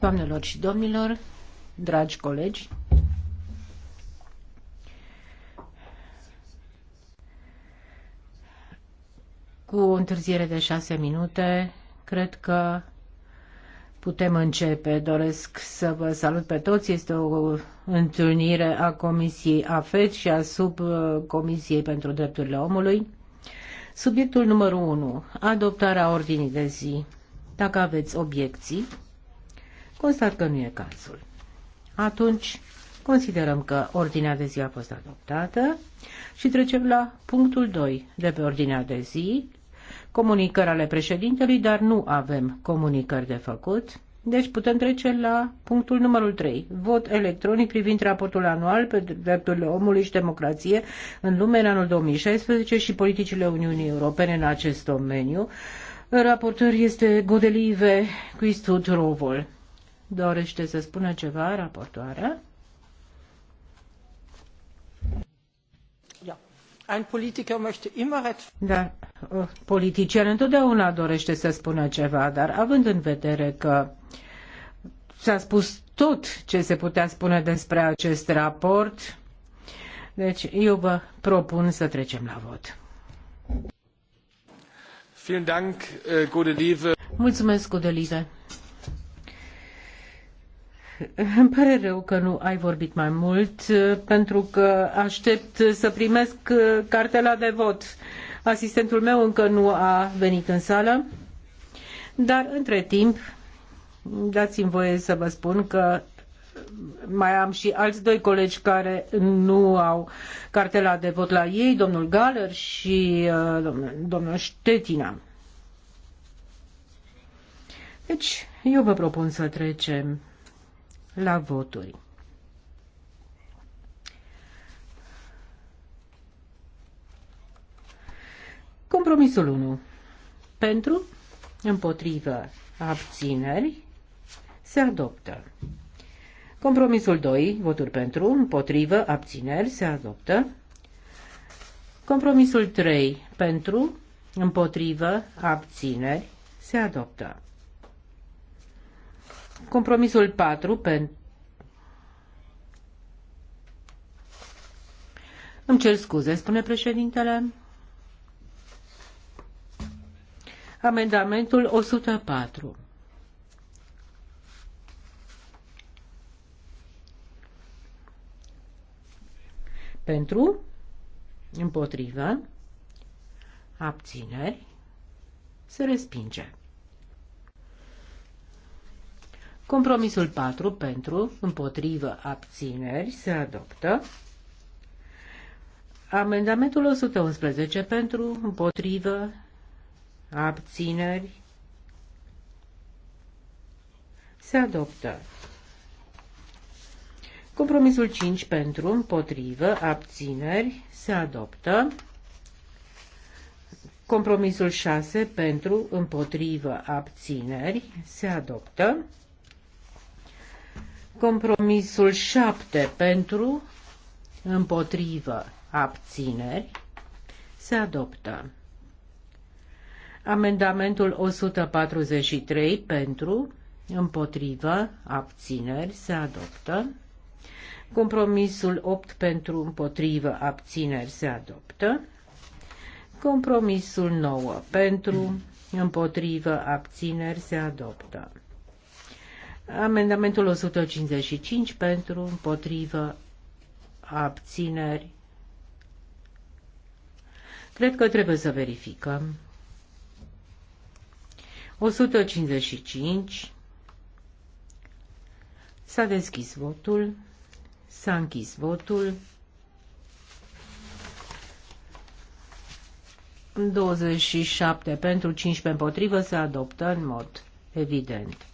Doamnelor și domnilor, dragi colegi, cu o întârziere de șase minute, cred că putem începe. Doresc să vă salut pe toți. Este o întâlnire a Comisiei AFET și a Subcomisiei pentru Drepturile Omului. Subiectul numărul 1. Adoptarea ordinii de zi. Dacă aveți obiecții, constat că nu e cazul. Atunci, considerăm că ordinea de zi a fost adoptată și trecem la punctul 2 de pe ordinea de zi, comunicări ale președintelui, dar nu avem comunicări de făcut. Deci putem trece la punctul numărul 3. Vot electronic privind raportul anual pe drepturile omului și democrație în lume în anul 2016 și politicile Uniunii Europene în acest domeniu. Raportor este Godelive Quistud Rovol. Dorește să spună ceva, raportoarea? Da, uh, politician întotdeauna dorește să spună ceva, dar având în vedere că s-a spus tot ce se putea spune despre acest raport, deci eu vă propun să trecem la vot. Äh, Îmi pare rău că nu ai vorbit mai mult, pentru că aștept să primesc uh, cartela de vot. Asistentul meu încă nu a venit în sală, dar între timp dați-mi voie să vă spun că mai am și alți doi colegi care nu au cartela de vot la ei, domnul Galer și uh, domnul, Ștetina. Deci, eu vă propun să trecem la voturi. Compromisul 1. Pentru, împotrivă, abțineri, se adoptă. Compromisul 2, voturi pentru, împotrivă, abțineri, se adoptă. Compromisul 3, pentru, împotrivă, abțineri, se adoptă. Compromisul 4, pentru. Îmi cer scuze, spune președintele. Amendamentul 104. Pentru, împotrivă, abțineri, se respinge. Compromisul 4 pentru, împotrivă, abțineri se adoptă. Amendamentul 111 pentru, împotrivă, abțineri se adoptă. Compromisul 5 pentru, împotrivă, abțineri, se adoptă. Compromisul 6 pentru, împotrivă, abțineri, se adoptă. Compromisul 7 pentru, împotrivă, abțineri, se adoptă. Amendamentul 143 pentru, împotrivă, abțineri, se adoptă. Compromisul 8 pentru împotrivă abțineri se adoptă. Compromisul 9 pentru împotrivă abțineri se adoptă. Amendamentul 155 pentru împotrivă abțineri. Cred că trebuie să verificăm. 155. S-a deschis votul. S-a închis votul. 27 pentru 15 împotrivă se adoptă în mod evident.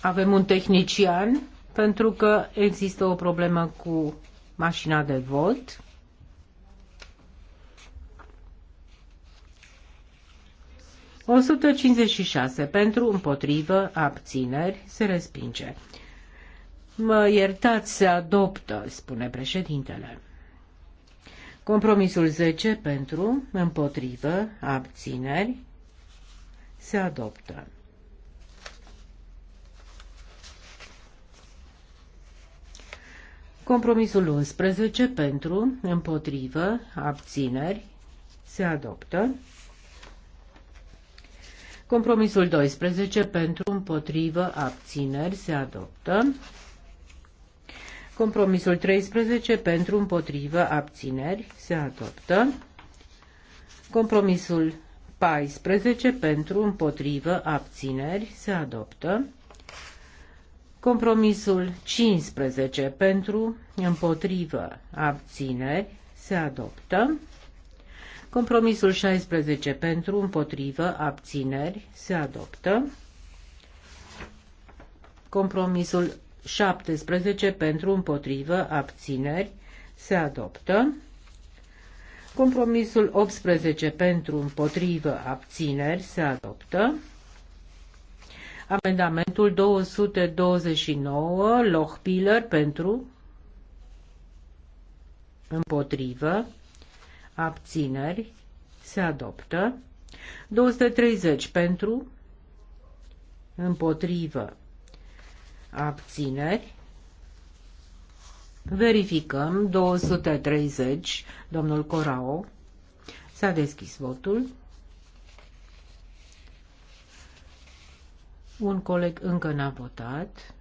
Avem un tehnician pentru că există o problemă cu mașina de vot. 156 pentru, împotrivă, abțineri, se respinge. Mă iertați, se adoptă, spune președintele. Compromisul 10 pentru, împotrivă, abțineri, se adoptă. Compromisul 11 pentru, împotrivă, abțineri, se adoptă. Compromisul 12 pentru împotrivă abțineri se adoptă. Compromisul 13 pentru împotrivă abțineri se adoptă. Compromisul 14 pentru împotrivă abțineri se adoptă. Compromisul 15 pentru împotrivă abțineri se adoptă. Compromisul 16 pentru, împotrivă, abțineri, se adoptă. Compromisul 17 pentru, împotrivă, abțineri, se adoptă. Compromisul 18 pentru, împotrivă, abțineri, se adoptă. Amendamentul 229, Lochpiller pentru, împotrivă, abțineri, se adoptă. 230 pentru, împotrivă, abțineri. Verificăm 230, domnul Corao. S-a deschis votul. Un coleg încă n-a votat.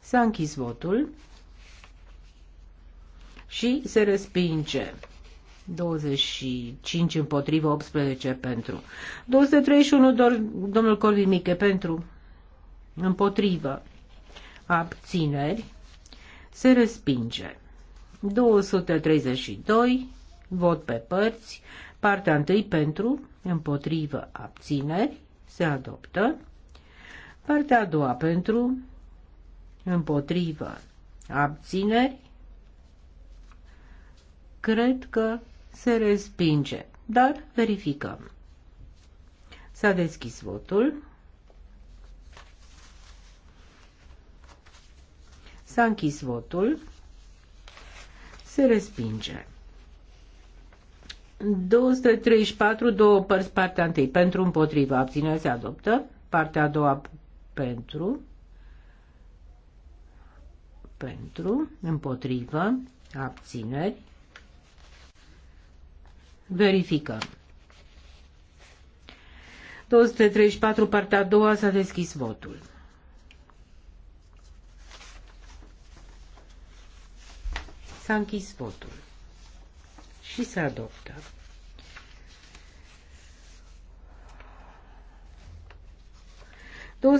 S-a închis votul și se respinge. 25 împotrivă, 18 pentru. 231, doar domnul Corvin Miche, pentru. Împotrivă. Abțineri. Se respinge. 232, vot pe părți. Partea întâi pentru, împotrivă, abțineri. Se adoptă. Partea a doua pentru, împotrivă, abțineri. Cred că se respinge, dar verificăm. S-a deschis votul. S-a închis votul. Se respinge. 234, două părți, partea întâi pentru, împotriva, abține, se adoptă. Partea a doua pentru, pentru, împotrivă, abțineri, Verificăm. 234, partea a doua, s-a deschis votul. S-a închis votul și se adoptă. Două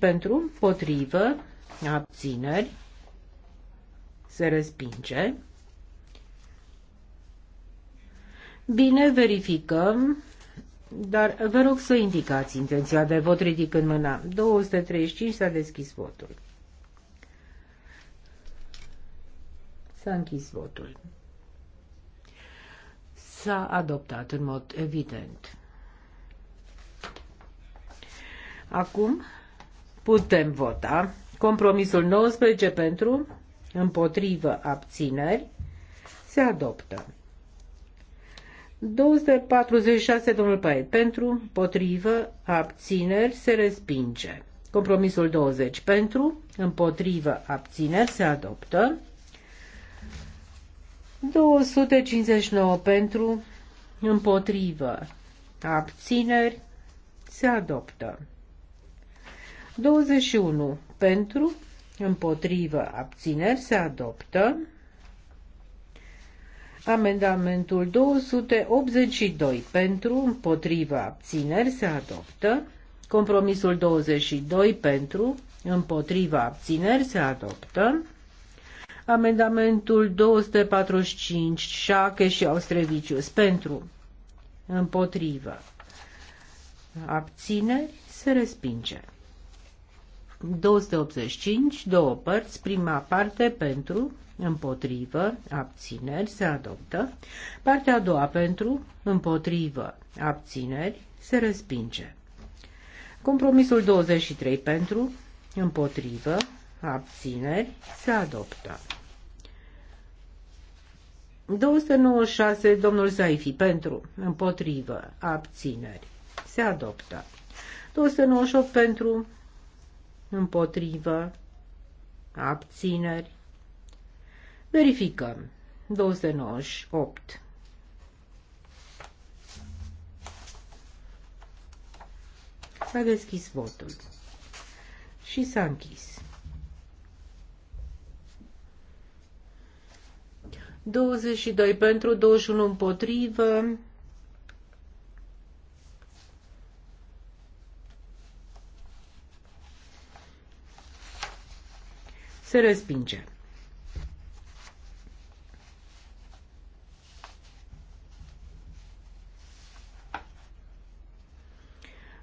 pentru, potrivă, abțineri, se respinge. Bine, verificăm, dar vă rog să indicați intenția de vot ridicând mâna. 235 s-a deschis votul. S-a închis votul. S-a adoptat în mod evident. Acum putem vota compromisul 19 pentru, împotrivă abțineri, se adoptă. 246, domnul Paet, pentru, potrivă, abțineri, se respinge. Compromisul 20, pentru, împotrivă, abțineri, se adoptă. 259 pentru, împotrivă, abțineri, se adoptă. 21 pentru, împotrivă, abțineri, se adoptă. Amendamentul 282 pentru, împotriva, abțineri se adoptă. Compromisul 22 pentru, împotriva, abțineri se adoptă. Amendamentul 245, Șache și Austrevicius pentru, împotriva, abțineri se respinge. 285, două părți, prima parte pentru, împotrivă, abțineri, se adoptă, partea a doua pentru, împotrivă, abțineri, se respinge. Compromisul 23 pentru, împotrivă, abțineri, se adoptă. 296, domnul Zaifi, pentru, împotrivă, abțineri, se adoptă. 298 pentru, împotrivă, abțineri. Verificăm. 298. S-a deschis votul și s-a închis. 22 pentru, 21 împotrivă, se respinge.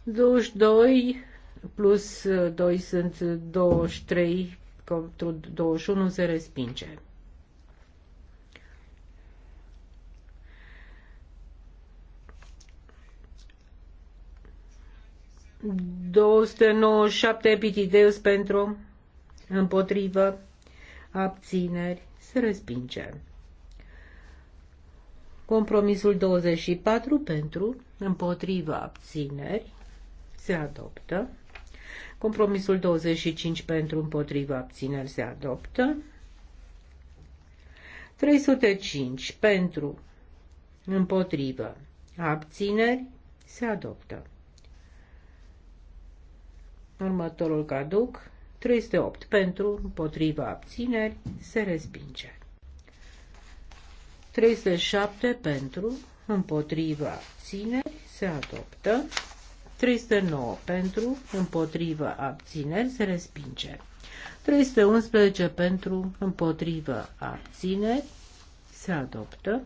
Douăzeci doi plus doi sunt douăzeci trei, contru douăzeci unu se respinge. Douăzeci nouă șapte epitideus pentru împotrivă, abțineri, se respinge. Compromisul 24 pentru, împotrivă, abțineri, se adoptă. Compromisul 25 pentru, împotrivă, abțineri, se adoptă. 305 pentru, împotrivă, abțineri, se adoptă. Următorul caduc, 308 pentru, împotriva abțineri, se respinge. 307 pentru, împotriva abțineri, se adoptă. 309 pentru, împotriva abțineri, se respinge. 311 pentru, împotriva abțineri, se adoptă.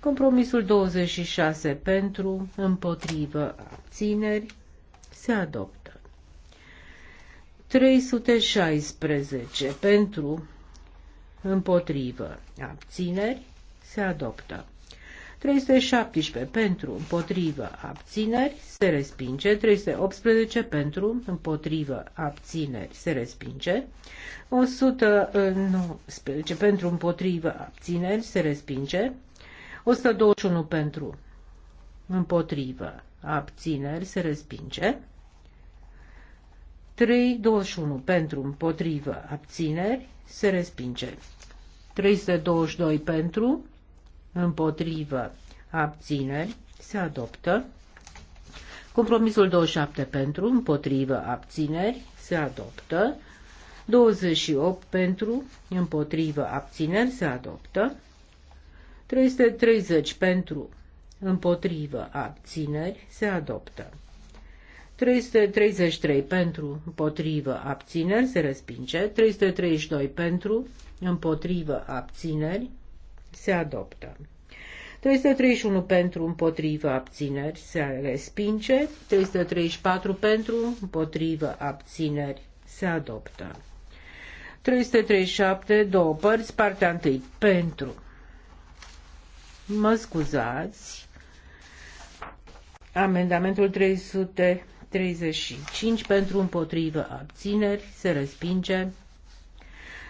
Compromisul 26 pentru, împotriva abțineri, se adoptă. 316 pentru împotrivă abțineri se adoptă. 317 pentru împotrivă abțineri se respinge, 318 pentru împotrivă abțineri se respinge, 119 pentru împotrivă abțineri se respinge, 121 pentru împotrivă abțineri se respinge, 321 pentru, împotrivă, abțineri, se respinge. 322 pentru, împotrivă, abțineri, se adoptă. Compromisul 27 pentru, împotrivă, abțineri, se adoptă. 28 pentru, împotrivă, abțineri, se adoptă. 330 pentru, împotrivă, abțineri, se adoptă. 333 pentru, împotrivă, abțineri, se respinge. 332 pentru, împotrivă, abțineri, se adoptă. 331 pentru, împotrivă, abțineri, se respinge. 334 pentru, împotrivă, abțineri, se adoptă. 337, două părți, partea întâi, pentru. Mă scuzați. Amendamentul 300 35 pentru împotrivă abțineri se respinge.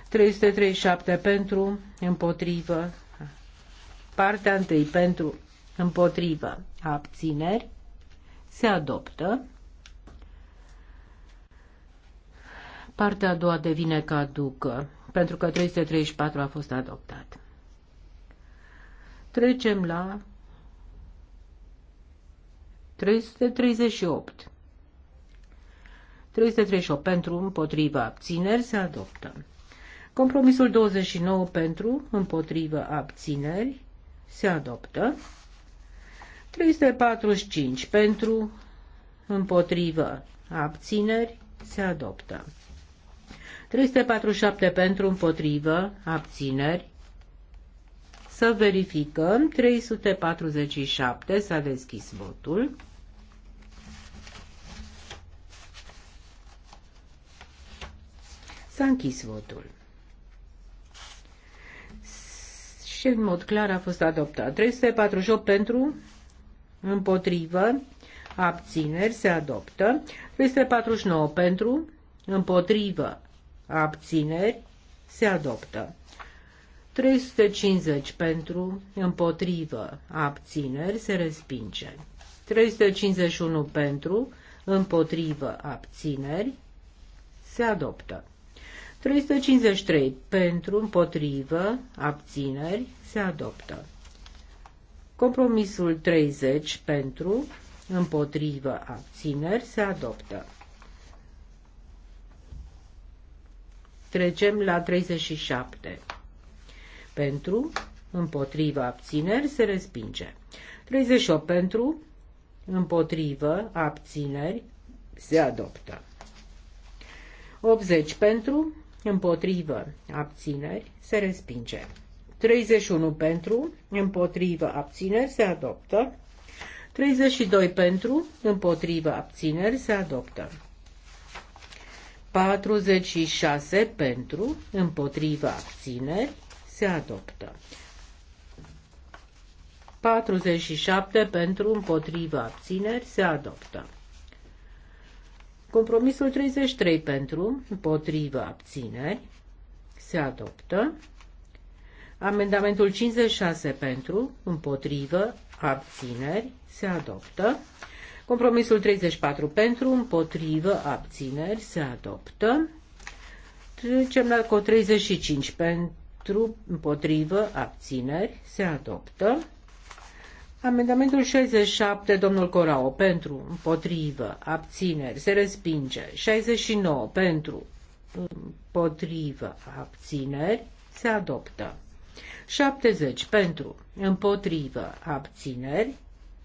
337 pentru împotrivă. Partea întâi pentru împotrivă abțineri se adoptă. Partea a doua devine caducă pentru că 334 a fost adoptat. Trecem la 338. 338 pentru, împotrivă, abțineri, se adoptă. Compromisul 29 pentru, împotrivă, abțineri, se adoptă. 345 pentru, împotrivă, abțineri, se adoptă. 347 pentru, împotrivă, abțineri. Să verificăm. 347 s-a deschis votul. S-a închis votul. Și în mod clar a fost adoptat. 348 pentru, împotrivă, abțineri, se adoptă. 349 pentru, împotrivă, abțineri, se adoptă. 350 pentru, împotrivă, abțineri, se respinge. 351 pentru, împotrivă, abțineri, se adoptă. 353 pentru, împotrivă, abțineri, se adoptă. Compromisul 30 pentru, împotrivă, abțineri, se adoptă. Trecem la 37. Pentru, împotrivă, abțineri, se respinge. 38 pentru, împotrivă, abțineri, se adoptă. 80 pentru, împotrivă, abțineri, se respinge. 31 pentru, împotrivă, abțineri, se adoptă. 32 pentru, împotrivă, abțineri, se adoptă. 46 pentru, împotrivă, abțineri, se adoptă. 47 pentru, împotrivă, abțineri, se adoptă. Compromisul 33 pentru, împotrivă, abțineri, se adoptă. Amendamentul 56 pentru, împotrivă, abțineri, se adoptă. Compromisul 34 pentru, împotrivă, abțineri, se adoptă. Trecem la cu 35 pentru, împotrivă, abțineri, se adoptă. Amendamentul 67, domnul Corao, pentru, împotrivă, abțineri, se respinge. 69, pentru, împotrivă, abțineri, se adoptă. 70, pentru, împotrivă, abțineri,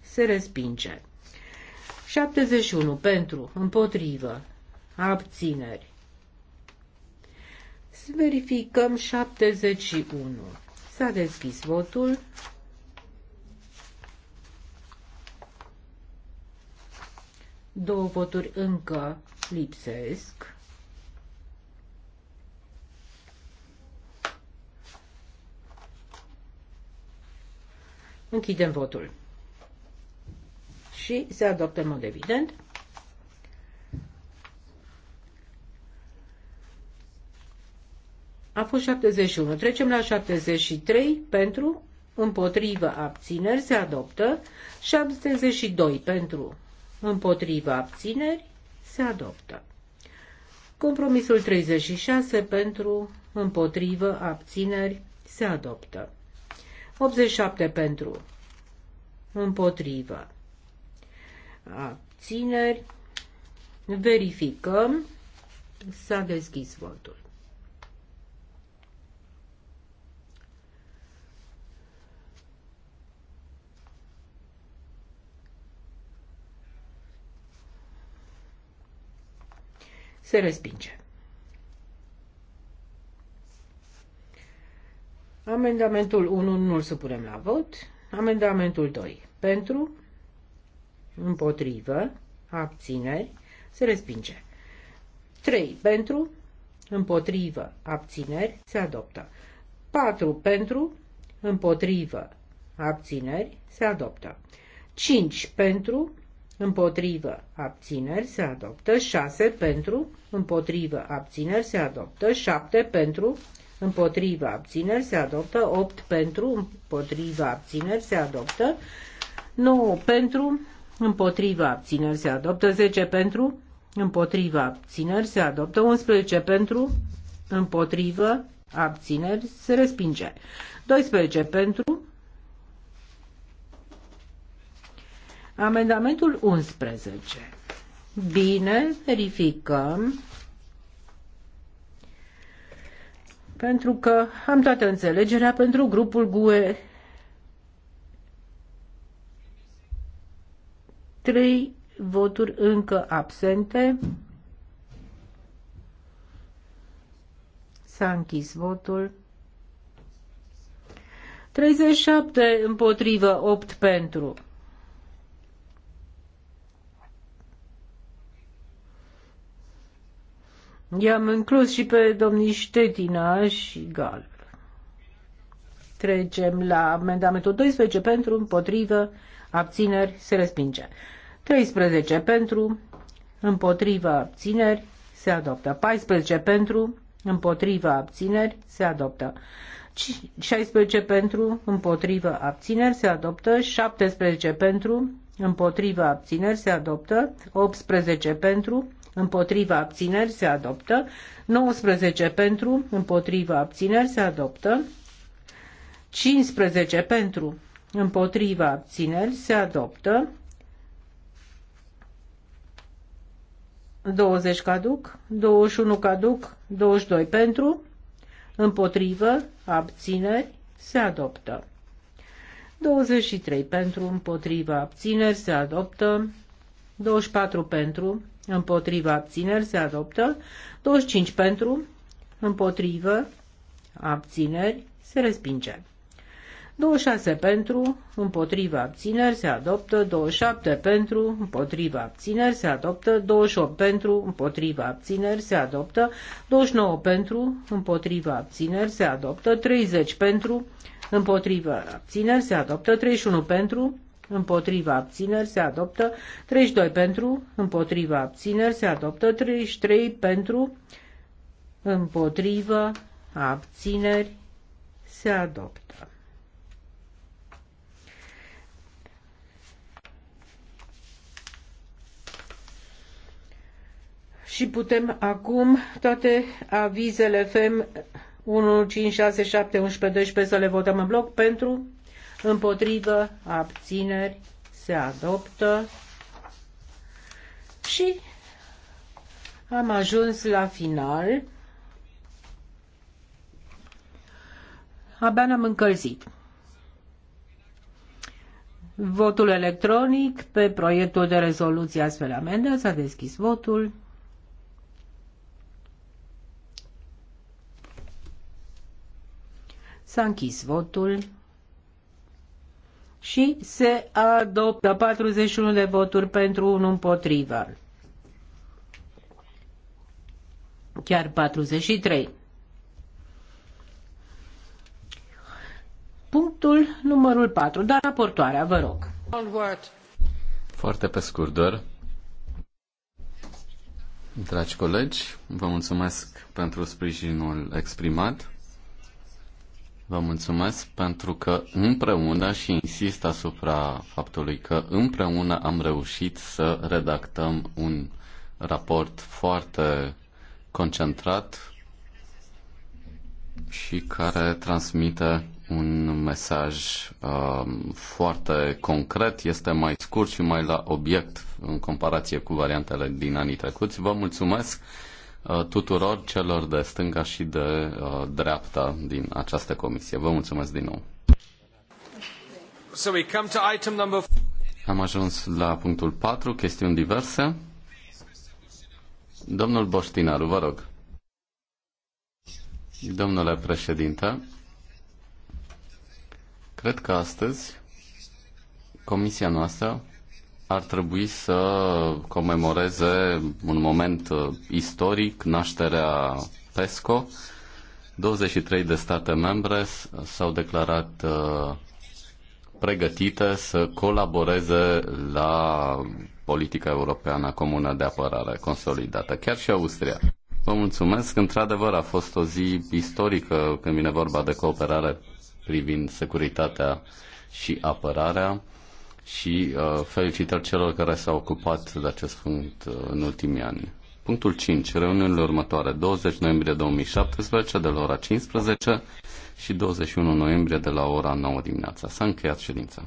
se respinge. 71, pentru, împotrivă, abțineri. Să verificăm 71. S-a deschis votul. Două voturi încă lipsesc. Închidem votul. Și se adoptă în mod evident. A fost 71. Trecem la 73 pentru, împotrivă, abțineri, se adoptă. 72 pentru, împotriva abțineri, se adoptă. Compromisul 36 pentru, împotrivă, abțineri, se adoptă. 87 pentru, împotrivă, abțineri, verificăm, s-a deschis votul. Se respinge. Amendamentul 1 nu îl supunem la vot. Amendamentul 2. Pentru, împotrivă, abțineri, se respinge. 3. Pentru, împotrivă, abțineri, se adoptă. 4. Pentru, împotrivă, abțineri, se adoptă. 5. Pentru, împotrivă, abțineri, se adoptă 6 pentru, împotrivă, abțineri, se adoptă 7 pentru, împotrivă, abțineri, se adoptă 8 pentru, împotrivă, abțineri, se adoptă 9 pentru, împotrivă, abțineri, se adoptă 10 pentru, împotrivă, abțineri, se adoptă 11 pentru, împotrivă, abțineri, se respinge. 12 pentru, Amendamentul 11. Bine, verificăm. Pentru că am toată înțelegerea pentru grupul GUE 3 voturi încă absente. S-a închis votul. 37 împotrivă, 8 pentru. I-am inclus și pe domnii Ștetina și Gal. Trecem la amendamentul 12 pentru, împotrivă, abțineri, se respinge. 13 pentru, împotrivă, abțineri, se adoptă. 14 pentru, împotrivă, abțineri, se adoptă. 16 pentru, împotrivă, abțineri, se adoptă. 17 pentru, împotrivă, abțineri, se adoptă. 18 pentru, împotriva abțineri se adoptă, 19 pentru, împotriva abțineri se adoptă, 15 pentru, împotriva abțineri se adoptă, 20 caduc, 21 caduc, 22 pentru, împotrivă, abțineri, se adoptă. 23 pentru, împotrivă, abțineri, se adoptă. 24 pentru, împotriva abțineri se adoptă, 25 pentru, împotrivă, abțineri se respinge. 26 pentru, împotriva abțineri se adoptă, 27 pentru, împotriva abțineri se adoptă, 28 pentru, împotriva abțineri se adoptă, 29 pentru, împotriva abțineri se adoptă, 30 pentru, împotriva abțineri se adoptă, 31 pentru, împotriva abțineri se adoptă, 32 pentru, împotriva abțineri se adoptă, 33 pentru, împotriva abțineri se adoptă. Și putem acum toate avizele FEM 1, 5, 6, 7, 11, 12 să le votăm în bloc pentru împotrivă, abțineri, se adoptă și am ajuns la final. Abia ne-am încălzit. Votul electronic pe proiectul de rezoluție astfel amendă. S-a deschis votul. S-a închis votul și se adoptă 41 de voturi pentru un împotrivă. Chiar 43. Punctul numărul 4. Dar raportoarea, vă rog. Foarte pe scurt, doar. Dragi colegi, vă mulțumesc pentru sprijinul exprimat. Vă mulțumesc pentru că împreună și insist asupra faptului că împreună am reușit să redactăm un raport foarte concentrat și care transmite un mesaj uh, foarte concret, este mai scurt și mai la obiect în comparație cu variantele din anii trecuți. Vă mulțumesc! Uh, tuturor celor de stânga și de uh, dreapta din această comisie. Vă mulțumesc din nou. So we come to item number... Am ajuns la punctul 4, chestiuni diverse. Domnul Boștinaru, vă rog. Domnule președinte, cred că astăzi comisia noastră ar trebui să comemoreze un moment uh, istoric, nașterea PESCO. 23 de state membre s-au declarat uh, pregătite să colaboreze la politica europeană comună de apărare consolidată, chiar și Austria. Vă mulțumesc. Într-adevăr, a fost o zi istorică când vine vorba de cooperare privind securitatea și apărarea și uh, felicitări celor care s-au ocupat de acest punct uh, în ultimii ani. Punctul 5. Reuniunile următoare, 20 noiembrie 2017 de la ora 15 și 21 noiembrie de la ora 9 dimineața. S-a încheiat ședința.